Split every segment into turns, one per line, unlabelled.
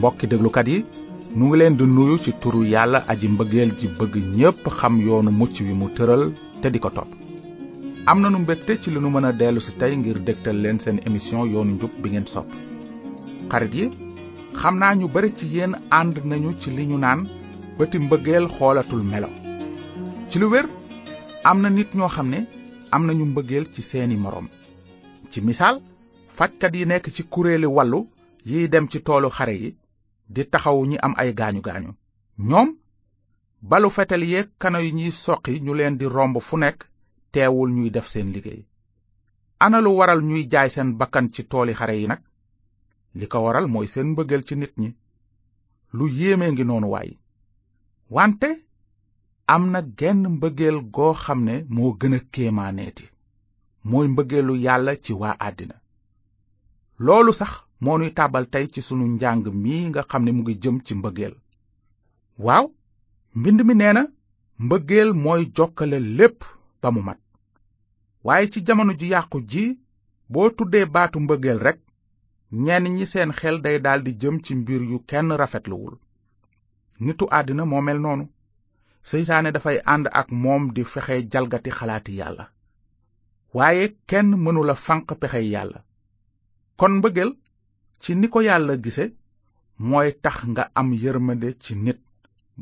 mbokki déglukat yi nu ngi leen di nuyu ci turu yàlla aji mbëggeel ji bëgg ñépp xam yoonu mucc wi mu tëral te di ko topp am na nanu mbégte ci li nu mën a dellu si tey ngir dégtal leen seen émission yoonu njub bi ngeen sopp xarit yi xam naa ñu bari ci yéen ànd nañu ci li ñu naan bëti mbëggeel xoolatul melo ci lu wér am na nit ñoo xam ne am nañu mbëggeel ci seeni moroom ci misaal fajkat yi nekk ci kuréeli wallu yiy dem ci toolu xare yi di taxawu ñi am ay gaañu gaañu ñoom balu fetal yeeg kano yi ñuy soqi ñu leen di romb fu nekk teewul ñuy def seen liggéey ana lu waral ñuy jaay seen bakkan ci tooli xare yi nag li ko waral mooy seen mbëggeel ci nit ñi lu yéeme ngi noonu waay wante am na genn mbëggeel goo xam ne moo gën a kéemaaneeti mooy mbëggeelu yàlla ci waa àddina loolu sax moo nuy tàbbal tey ci sunu njàng mi nga xam ne mu ngi jëm ci mbëggeel waaw mbind mi nee na mbëggeel mooy jokkale lépp ba mu mat waaye ci jamono ju yàqu ji boo tuddee baatu mbëggeel rekk ñenn ñi seen xel day daldi jëm ci mbir yu kenn rafetluwul nitu àddina moo mel noonu seytaane dafay ànd ak moom di fexe jalgati xalaati yàlla waaye kenn mënula fanq pexey yàlla kon mbëggeel ci ni ko yàlla gise mooy tax nga am yërmande ci nit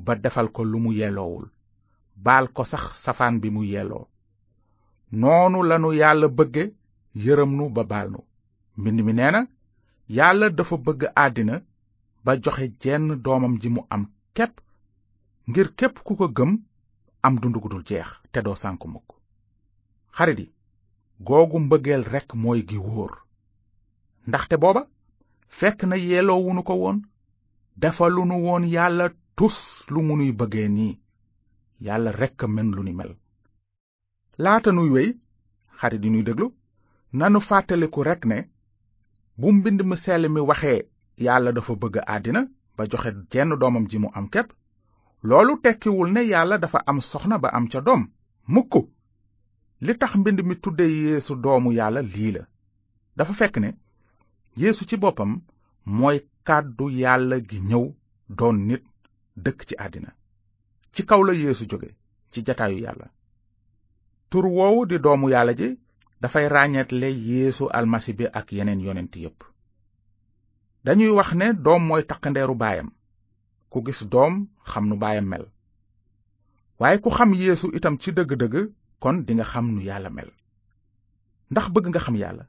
ba defal ko lu mu yelloowul baal ko sax safaan bi mu yelloo noonu lanu yàlla bëgge yërëm nu ba baal nu mbind mi nee na yàlla dafa bëgg àddina ba joxe jenn doomam ji mu am képp ngir képp ku ko gëm am dund gu dul jeex te doo sànk mukk xarit yi googu mbëggeel rekk mooy gi wóor ndaxte booba fekk na yeelowunu ko woon dafa nu woon yàlla tus lu mu nuy bëggee nii yàlla rekk mën lu ni mel laata nuy wey xarit yi nuy déglu nanu fàttaliku rekk ne bu mbind mu sell mi waxee yàlla dafa bëgg àddina ba joxe jenn doomam ji mu am képp loolu tekkiwul ne yàlla dafa am soxna ba am ca doom mukk li tax mbind mi tudde yeesu doomu yàlla lii la dafa fekk ne yéesu ci boppam mooy kàddu yàlla gi ñëw doon nit dëkk ci àddina ci kaw la yeesu jóge ci jataayu yàlla tur woowu di doomu yàlla ji dafay ràññetle yeesu almasi bi ak yeneen yonent yépp dañuy wax ne doom mooy takkandeeru baayam ku gis doom xam nu baayam mel waaye ku xam yéesu itam ci dëgg-dëgg kon dinga xam nu yàlla mel ndax bëgg nga xam yàlla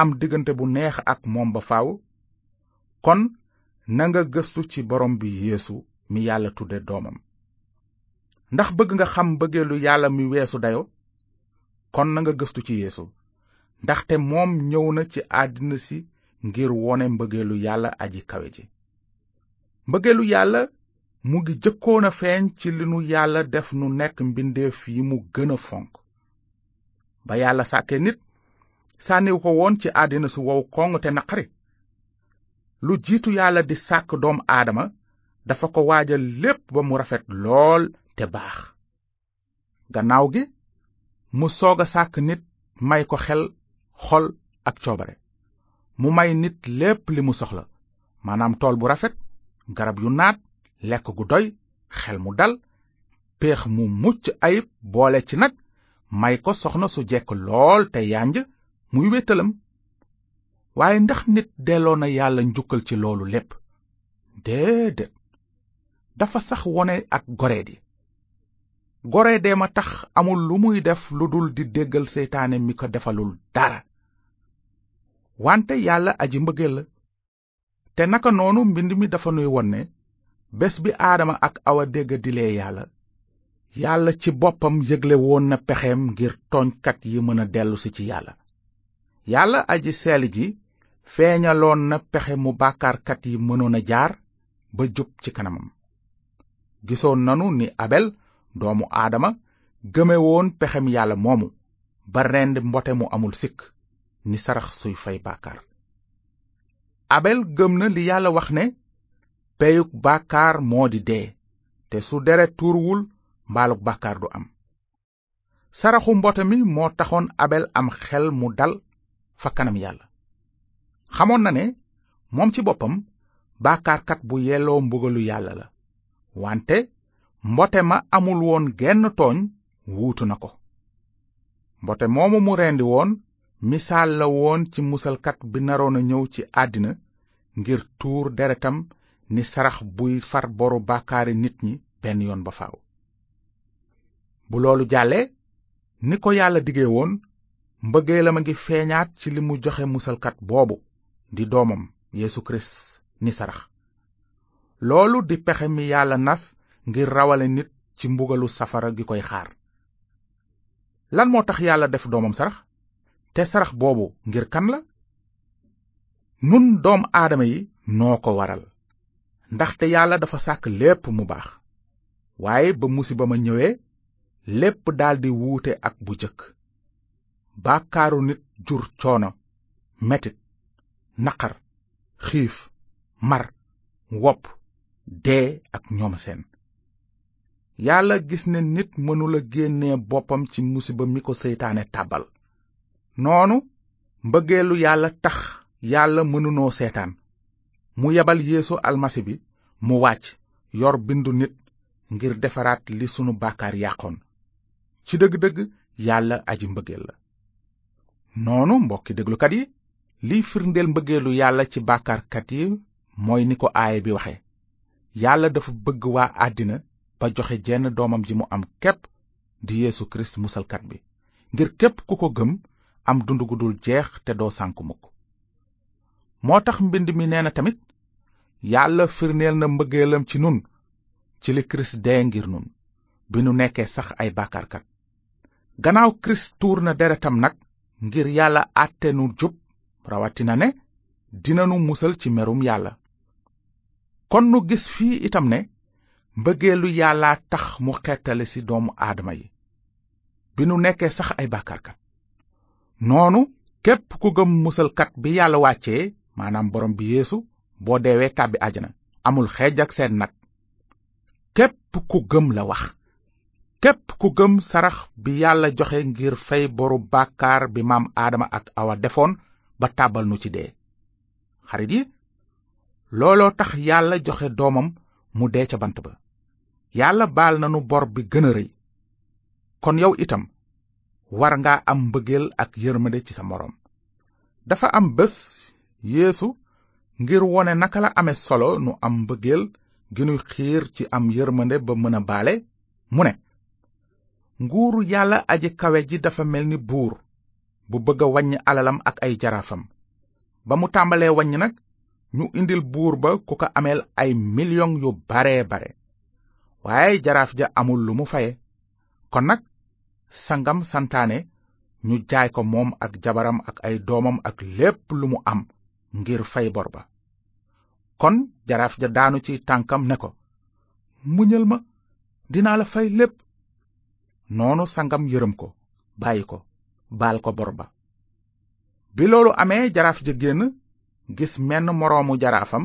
am diggante bu neex ak moom ba faaw kon nanga gëstu ci borom bi yéesu mi yàlla tudde doomam ndax bëgg nga xam mbëggeelu yàlla mi weesu dayo kon nanga gëstu ci yeesu ndaxte moom ñëw na ci àddina si ngir wone mbëggeelu yàlla aji kawe ji mbëggeelu yàlla mu ngi jëkkoon a feeñ ci li nu yàlla def nu nekk mbindeef yi mu gën a fonk ba yàlla sàkke nit sànniw ko woon ci àddina su wow koŋ te naqari lu jiitu yàlla di sàkk doom aadama dafa ko waajal lépp ba mu rafet lool te baax gannaaw gi mu soog a sàkk nit may ko xel xol ak coobare mu may nit lépp li mu soxla maanaam tool bu rafet garab yu naat lekk gu doy xel mu dal péex mu mucc ayib boole ci nag may ko soxna su jekk lool te yanj muy wéttalam waaye ndax nit delloo na yàlla njukkal ci loolu lépp déedéet dafa sax wone ak goreedi goreedee ma tax amul lu muy def lu dul di déggal seytaane mi ko defalul dara wante yàlla aji mbëggeel la te naka noonu mbind mi dafa nuy won ne bés bi aadama ak awa dégg dilee yàlla yàlla ci boppam yëgle woon na pexeem ngir tooñkat yi mën a dellusi ci yàlla yàlla aji seel ji feeñaloon na pexe mu bàkkaarkat yi mënoon a jaar ba jub ci kanamam gisoon nanu ni abel doomu aadama gëme woon pexem yàlla moomu ba rend mbote mu amul sikk ni sarax suy fay bàkkaar abel gëm na li yàlla wax ne peyug bàkkaar moo di dee te su deret tuuruwul mbaalug bàkkaar du am saraxu mbote mi moo taxoon abel am xel mu dal fa kanam yàlla xamoon na ne moom ci boppam baakaarkat bu yelloo mbugalu yàlla la wante mbote ma amul woon genn tooñ wuutu na ko mbote moomu mu rendi woon misaal la woon ci musalkat bi naroon a ñëw ci àddina ngir tuur deretam ni sarax buy far boru bàkkaari nit ñi benn yoon ba bu loolu jàllee ni ko yàlla dige woon mbëggeelam a ngi feeñaat ci li mu joxe musalkat boobu di doomam yéesu Kirist ni sarax loolu di pexe mi yàlla nas ngir rawale nit ci mbugalu safara gi koy xaar lan moo tax yàlla def doomam sarax te sarax boobu ngir kan la nun doom aadama yi noo ko waral ndaxte yàlla dafa sàkk lépp mu baax waaye ba musiba ma ñëwee lépp daldi wuute ak bu jëkk baakaaru nit jur coono metit naqar xiif mar wopp dee ak ñoom seen yàlla gis ne nit mënula génne boppam ci musiba mi ko seytaane tàbbal noonu mbëggeelu yàlla tax yàlla mënunoo seetaan mu yebal yéesu almasi bi mu wàcc yor bindu nit ngir defaraat li sunu bàkkaar yàqoon ci dëgg-dëgg yàlla aji mbëggeel la noonu mbokki déglukat yi liy firndeel mbëggeelu yàlla ci bàkkaarkat yi mooy ni ko aaya bi waxe yàlla dafa bëgg waa àddina ba joxe jenn doomam ji mu am képp di yeesu kirist musalkat bi ngir képp ku ko gëm am dund dul jeex te doo sànku mukk moo tax mbind mi nee na tamit yàlla firndeel na mbëggeelam ci nun ci li kirist dee ngir nun bi nu nekkee sax ay bàkkaarkat gannaaw kirist tuur na deretam nag ngir yàlla àtte nu jub rawatina ne dina nu musal ci merum yàlla kon nu gis fii itam ne mbëggeelu yàlla tax mu xettale ci doomu aadama yi bi nu nekkee sax ay bàkkaarkat noonu képp ku gëm musalkat bi yàlla wàccee maanaam borom bi yéesu boo deewee tàbbi àjjana amul xeej ak seen nag képp ku gëm la wax képp ku gëm sarax bi yàlla joxe ngir fay boru bàkkaar bi maam aadama ak awa defoon ba tàbbal nu ci dee xarit yi looloo tax yàlla joxe doomam mu dee ca bant ba yàlla baal na nu bor bi gën a rëy kon yow itam war nga am mbëggeel ak yërmande ci sa moroom dafa am bés yéesu ngir wone naka la ame solo nu am mbëggeel gi nuy xiir ci am yërmande ba mën a baale mu ne nguuru yàlla aji kawe ji dafa mel ni buur bu bëgg a wàññi alalam ak ay jaraafam ba mu tàmbalee wàññi nag ñu indil buur ba ku ko ameel ay million yu baree bare waaye jaraaf ja amul lu mu faye kon nag sangam santaane ñu jaay ko moom ak jabaram ak ay doomam ak lépp lu mu am ngir fay bor ba kon jaraaf ja daanu ci tànkam ne ko muñal ma dinaa la fay lépp noonu sangam yërëm ko bàyyi ko baal ko bor ba bi loolu amee jaraaf ja génn gis menn moroomu jaraafam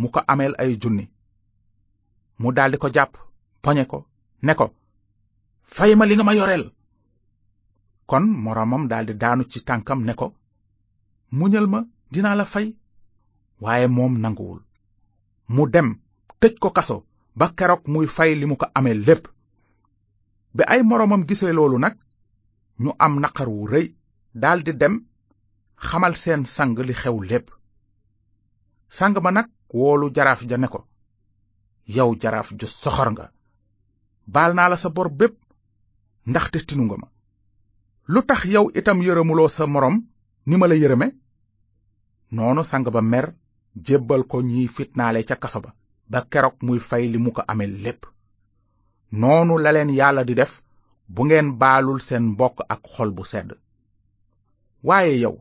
mu ko ameel ay junni mu daldi ko jàpp poñe ko ne ko fay ma li nga ma yoreel kon moroomam daldi daanu ci tànkam ne ko muñal ma dinaa la fay waaye moom nanguwul mu dem tëj ko kaso ba keroog muy fay li mu ko amee lépp bi ay moroomam gisee loolu nag ñu am naqar wu rëy daldi dem xamal seen sang li xew lépp sang ma nag woolu jaraaf ja ne ko yow jaraaf ju soxor nga baal naa la sa bor bépp ndaxte tinu nga ma lu tax yow itam yërëmuloo sa moroom ni ma la yërëme noonu sang ba mer jébbal ko ñiy fitnaale ca kaso ba ba keroog muy fay li mu ko amee lépp noonu la leen yàlla di def bu ngeen baalul seen mbokk ak xol bu sedd waaye yow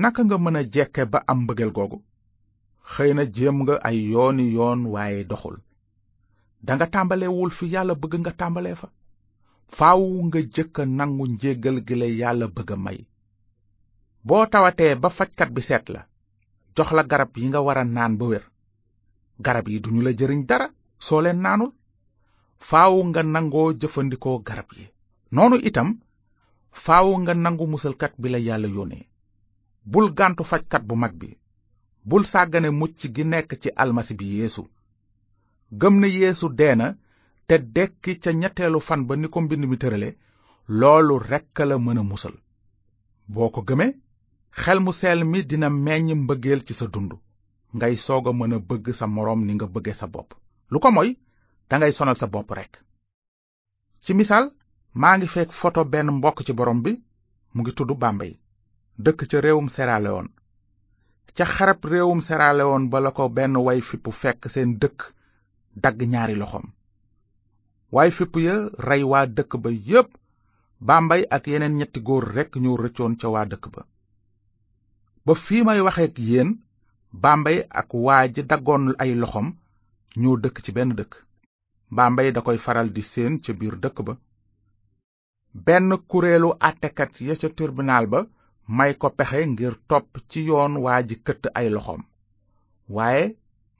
naka nga mën a jekke ba am mbëggeel googu xëy na jéem nga ay yooni yoon waaye doxul danga tàmbalewul fi yàlla bëgg nga tàmbalee fa faw nga jëkka a nangu njéggal gi la yàlla bëgg may boo tawatee ba fajkat bi seet la jox la garab yi nga war a naan ba wér garab yi duñu la jëriñ dara soo leen naanul faaw nga nangoo jëfandikoo garab yi noonu itam faaw nga nangu musalkat bi la yàlla yónnee bul gàntu fajkat bu mag bi bul sàggane mucc gi nekk ci almasi bi yéesu gëm na yéesu dee na te dekki ca ñetteelu fan ba ni ko mbind mi tërale loolu rekk la mën a musal boo ko gëmee xel mu seel mi dina meññ mbëggeel ci sa dund ngay soog a mën a bëgg sa moroom ni nga bëgge sa bopp lu ko moy dangay sonal sa bopp rekk ci misaal maa ngi fekk foto benn mbokk ci borom bi mu ngi tudd Bambey dëkk ca réewum Sierra ca xarab réewum Sierra Leone ba la ko benn way fippu fekk seen dëkk dagg ñaari loxoom waay fipp ya rey waa dëkk ba yépp Bambey ak yeneen ñetti góor rekk ñoo rëccoon ca waa dëkk ba ba fii may waxeek yéen Bambey ak waa ji daggoon ay loxoom ñoo dëkk ci benn dëkk mbaamba da koy faral di séen ca biir dëkk ba benn kureelu àttekat ya ca tribunal ba may ko pexe ngir topp ci yoon waa ji këtt ay loxoom waaye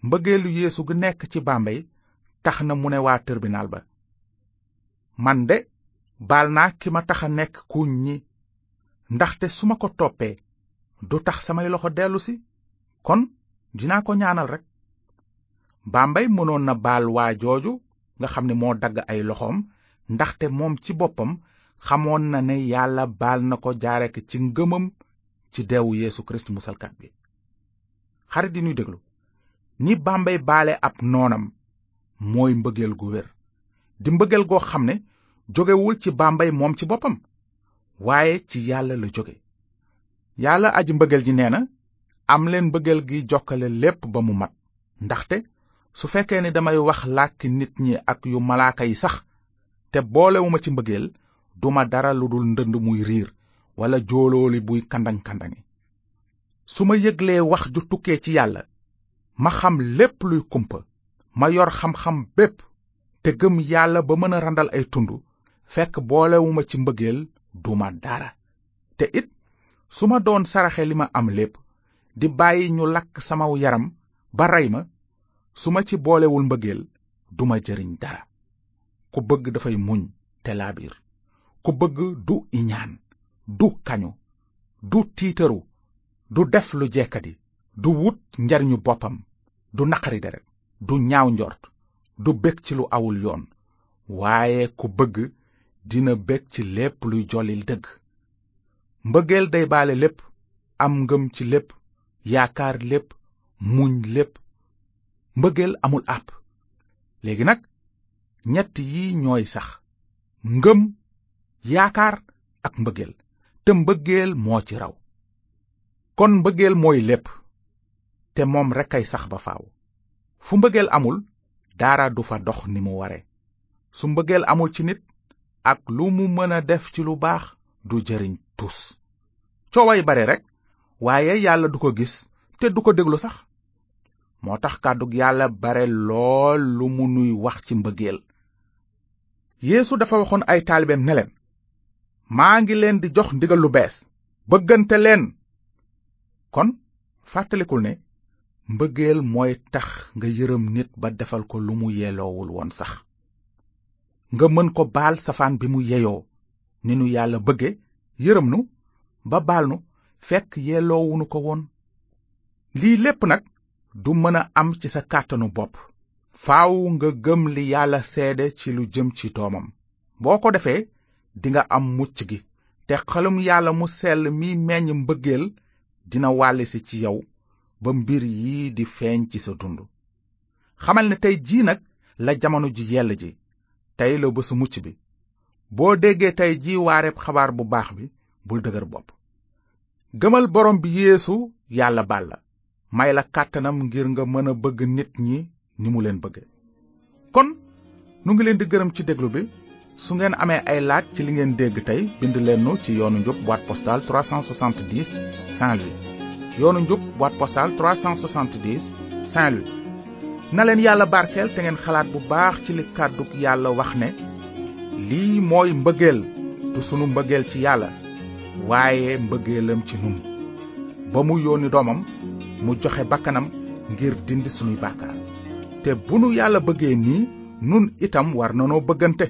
mbëggeelu yéesu gu nekk ci bàmbey tax na mu ne waa tribunal ba man de baal naa ki ma tax a nekk kuñ ñi ndaxte su ma ko toppee du tax samay loxo dellusi kon dinaa ko ñaanal rekk bàmbey mënoon na baal waa jooju nga xam ne moo dagg ay loxoom ndaxte moom ci boppam xamoon na ne yàlla baal na ko jaare ko ci ngëmam ci deewu yéesu Kirist musalkat bi xarit yi ñuy déglu ni Bambey baale ab noonam mooy mbëggeel gu wér di mbëggeel goo xam ne jógewul ci Bambey moom ci boppam waaye ci yàlla la jóge yàlla aji mbëggeel ji nee na am leen mbëggeel gi jokkale lépp ba mu mat ndaxte su fekkee ni damay wax làkki nit ñi ak yu malaaka yi sax te boolewuma ci mbëggeel duma dara lu dul ndënd muy riir walla joolooli buy kandang-kandangi su ma yëglee wax ju tukkee ci yàlla ma xam lépp luy kumpa ma yor xam-xam bépp te gëm yàlla ba mën a randal ay tund fekk boolewuma ci mbëggeel duma dara te it su ma doon saraxe li ma am lépp di bàyyi ñu lakk samaw yaram ba rey ma su ma ci boolewul mbëggeel duma jëriñ dara ku bëgg dafay muñ te laabiir ku bëgg du iñaan du kañu du tiitaru du def lu jekkadi du wut njariñu boppam du naqari deret du ñaaw njort du bég ci lu awul yoon waaye ku bëgg dina bég ci lépp luy jollil dëgg mbëggeel day baale lépp am ngëm ci lépp yaakaar lépp muñ lépp mbëggeel amul àpp léegi nag ñett yi ñooy sax ngëm yaakaar ak mbëggeel te mbëggeel moo ci raw kon mbëggeel mooy lépp te moom rekk ay sax ba faaw fu mbëggeel amul dara du fa dox ni mu ware su mbëggeel amul ci nit ak lu mu mën a def ci lu baax du jëriñ tus cooway bare rekk waaye yàlla du ko gis te du ko déglu sax moo tax kàddu yàlla bare lool lu mu nuy wax ci mbëggeel yéesu dafa waxoon ay taalibeem ne maa ngi leen di jox ndigal lu bees bëggante leen kon fàttalikul ne mbëggeel mooy tax nga yërëm nit ba defal ko lu mu yeloowul woon sax nga mën ko baal safaan bi mu yeyoo ni nu yàlla bëgge yërëm nu ba baal nu fekk yeloowunu ko woon lii lépp nag du mën a am ci sa kàttanu bopp faw nga gëm li yàlla seede ci lu jëm ci doomam boo ko defee dinga am mucc gi te xelum yàlla mu sell mi meññ mbëggeel dina wàllisi ci yow ba mbir yi di feeñ ci sa dund xamal ne tey jii nag la jamono ji yell ji tey la bésu mucc bi boo déggee tey ji xabaar bu baax bi bul dëgër bopp gëmal borom bi yéesu yàlla balla may la kàttanam ngir nga mën a bëgg nit ñi ni mu leen bëgge kon nu ngi leen di gërëm ci déglu bi su ngeen amee ay laaj ci li ngeen dégg tey bind leen nu ci yoonu njub boîte postale 370 Saint-Louis yoonu njub boîte postale 370 Saint-Louis na leen yàlla barkeel te ngeen xalaat bu baax ci li kàddu yàlla wax ne lii mooy mbëggeel du sunu mbëggeel ci yàlla waaye mbëggeelam ci nun ba mu yónni doomam mu joxe bakkanam ngir dindi sunuy bàkkaar te bu nu yàlla bëggee nii nun itam war nanoo bëggante